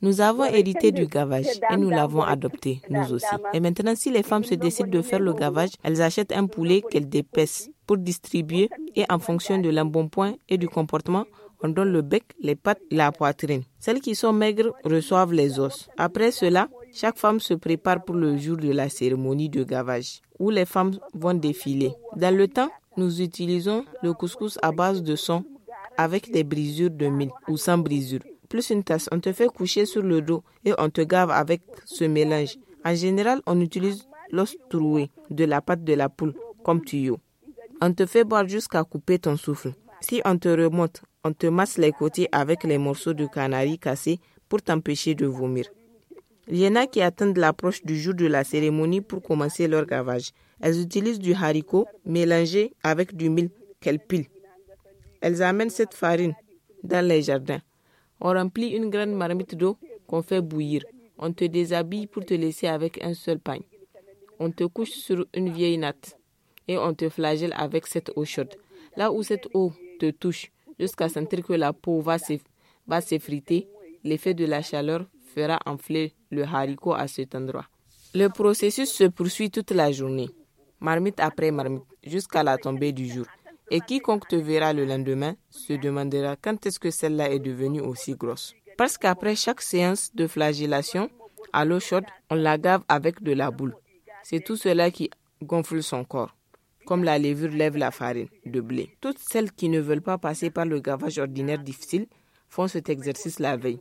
Nous avons hérité du gavage et nous l'avons adopté, nous aussi. Et maintenant, si les femmes se décident de faire le gavage, elles achètent un poulet qu'elles dépècent pour distribuer et en fonction de l'embonpoint et du comportement, on donne le bec, les pattes, la poitrine. Celles qui sont maigres reçoivent les os. Après cela, chaque femme se prépare pour le jour de la cérémonie de gavage, où les femmes vont défiler. Dans le temps, nous utilisons le couscous à base de sang avec des brisures de mille ou sans brisure. Plus une tasse, on te fait coucher sur le dos et on te gave avec ce mélange. En général, on utilise l'os troué de la pâte de la poule comme tuyau. On te fait boire jusqu'à couper ton souffle. Si on te remonte, on te masse les côtés avec les morceaux de canari cassés pour t'empêcher de vomir. Il y en a qui attendent l'approche du jour de la cérémonie pour commencer leur gavage. Elles utilisent du haricot mélangé avec du mil qu'elles pilent. Elles amènent cette farine dans les jardins. On remplit une grande marmite d'eau qu'on fait bouillir. On te déshabille pour te laisser avec un seul pain. On te couche sur une vieille natte et on te flagelle avec cette eau chaude. Là où cette eau te touche, jusqu'à sentir que la peau va s'effriter, l'effet de la chaleur fera enfler le haricot à cet endroit. Le processus se poursuit toute la journée, marmite après marmite, jusqu'à la tombée du jour. Et quiconque te verra le lendemain se demandera quand est-ce que celle-là est devenue aussi grosse. Parce qu'après chaque séance de flagellation, à l'eau chaude, on la gave avec de la boule. C'est tout cela qui gonfle son corps comme la levure lève la farine de blé. Toutes celles qui ne veulent pas passer par le gavage ordinaire difficile font cet exercice la veille.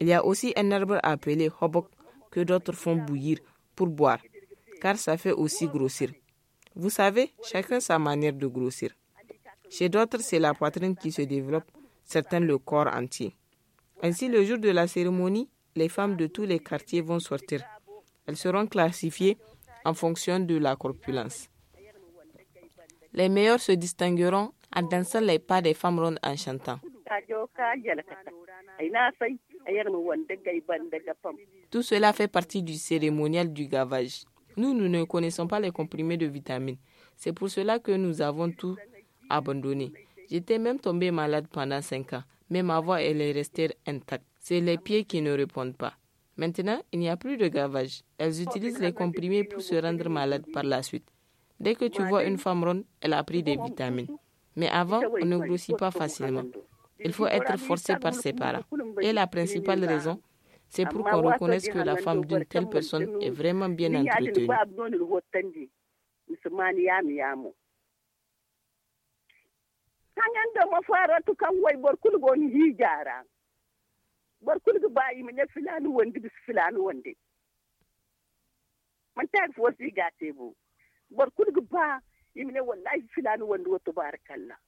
Il y a aussi un arbre appelé hobok que d'autres font bouillir pour boire, car ça fait aussi grossir. Vous savez, chacun sa manière de grossir. Chez d'autres, c'est la poitrine qui se développe, certains le corps entier. Ainsi, le jour de la cérémonie, les femmes de tous les quartiers vont sortir. Elles seront classifiées en fonction de la corpulence. Les meilleurs se distingueront en dansant les pas des femmes rondes en chantant. Tout cela fait partie du cérémonial du gavage. Nous, nous ne connaissons pas les comprimés de vitamines. C'est pour cela que nous avons tout abandonné. J'étais même tombé malade pendant cinq ans, mais ma voix elle est restée intacte. C'est les pieds qui ne répondent pas. Maintenant, il n'y a plus de gavage. Elles utilisent les comprimés pour se rendre malades par la suite. Dès que tu vois une femme ronde, elle a pris des vitamines. Mais avant, on ne grossit pas facilement. Il faut être forcé par ses parents. Et la principale raison, c'est pour qu'on reconnaisse que la femme d'une telle personne est vraiment bien entretenue barkul ga ba imne wallahi filani a wa tabarakallah